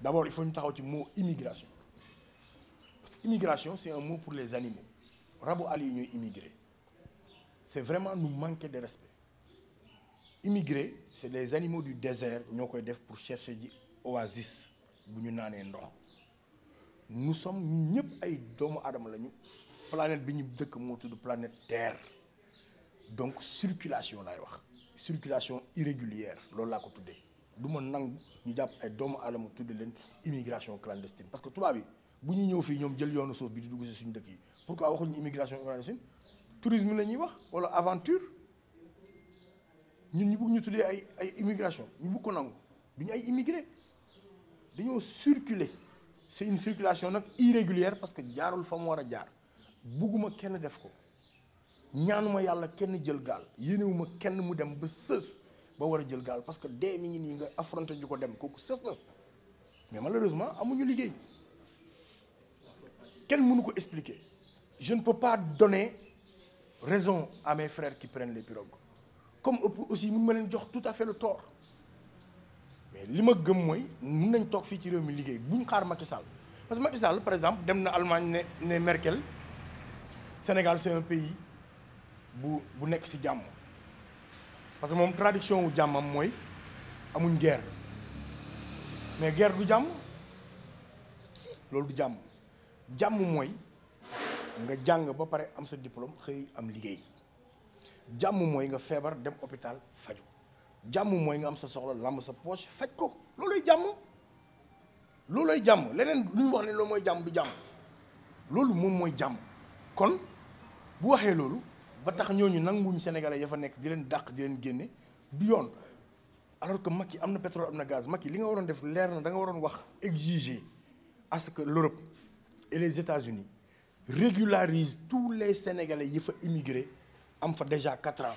d'abord il faut nous parlions du mot immigration parce que immigration c'est un mot pour les animaux Rabo Ali, nous, immigrés, immigré c'est vraiment nous manquer de respect Immigrés, c'est les animaux du désert ñoo koy def pour chercher des oasis nous sommes tous les ay doomu la planète dëkk la planète terre donc circulation La circulation irrégulière loolu la ko tuddee duma nang ñu japp ay doomu alamu tudd len immigration clandestine parce que tout yi bu ñuy ñëw fi ñom jël yoonu suuf bi di dugg ci suñu dëkk yi pourquoi ñu immigration clandestine tourisme lañuy wax wala aventure ñun ñi bëgg ñu ay ay immigration ñu bëgg ko nang du ay immigré dañoo circuler c'est une circulation nak irrégulière parce que jaarul fa mo wara jaar bugguma kenn def ko ñaanuma yalla kenn jël gal yéenewuma kenn mu dem ba sës parce que dès que ngi nii nga affronté ju dem kooku sës na mais malheureusement amuñu liggéey kenn mënu ko expliquer je ne peux pas donner raison à mes frères qui prennent les pirogues comme eux aussi ils me tout à fait le tort mais ce que je veux dire, c'est toog fii ci réew mi liggéey buñ xaar Macky parce que Macky par exemple dem na Allemagne ne Merkel Sénégal c'est un pays qui bu nekk si jàmm parce que mon traduction n'y a pas amuñ guerre mais guerre du guerre. C'est du La nga jang ba pare am sa diplôme tu am nga dem hôpital faju c'est mooy nga am sa soxla tu sa poche faj ko looloy jàmm la guerre. C'est la guerre. wax ne du C'est kon bu ba tax ñooñu nanguwuñ sénégalais ya fa nekk di leen dàq di leen génne du yoon alors que Macky am na pétrole am na gaz Macky li nga waroon def leer na da nga waroon wax exiger à ce que l'Europe et les États-Unis régularisent tous les sénégalais yi fa immigré am fa déjà 4 ans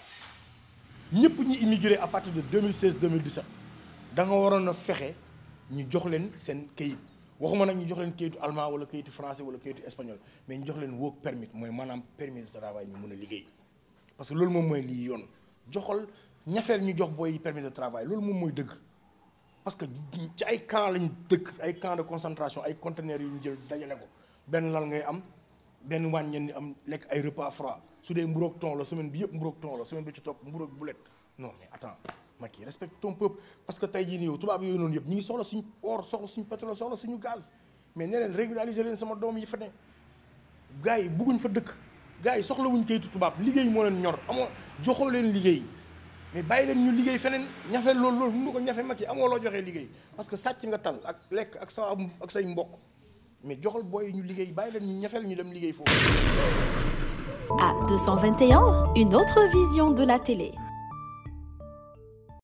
ñëpp ñi immigré à partir de 2016 2017 da nga waroon a fexe ñu jox leen seen kayit waxuma nag ñu jox leen kayitu allemand wala kayitu français wala kayitu espagnol mais ñu jox leen work permit mooy maanaam permis de travail ñu mën a liggéey parce que loolu moom mooy lii yoon joxal ñafeel ñu jox booy permis de travail loolu moom mooy dëgg parce que ci ay camp lañ dëkk ay camp de concentration ay conteneurs yu ñu jël dajale ko benn lal ngay am ben waañ ñi am lekk ay repas froid su des mbrok ton la semaine bi yëpp mburoog ton la semaine bi ci topp mburoog bulet non mais attends Macky respecte ton peuple parce que tey jii nii yow tubaab yooyu noonu yëpp ñu ngi suñu or soxla suñu pétrole soxla suñu gaz mais ne leen régulariser leen sama doom yi fa ne gars yi bugguñ fa dëkk gars yi soxlawuñ kayitu tubaab liggéey moo leen ñor amoo joxoo leen liggéey mais bàyyi leen ñu liggéey feneen ñafe lool lool mënu ko ñafe makki amo lo loo joxee liggéey parce que sàcc nga tal ak lek ak sa ak say mbokk mais joxal boy ñu liggéey bàyyi leen ñu ñafeel ñu dem liggéey foofu. À ah, 221, une autre vision de la télé.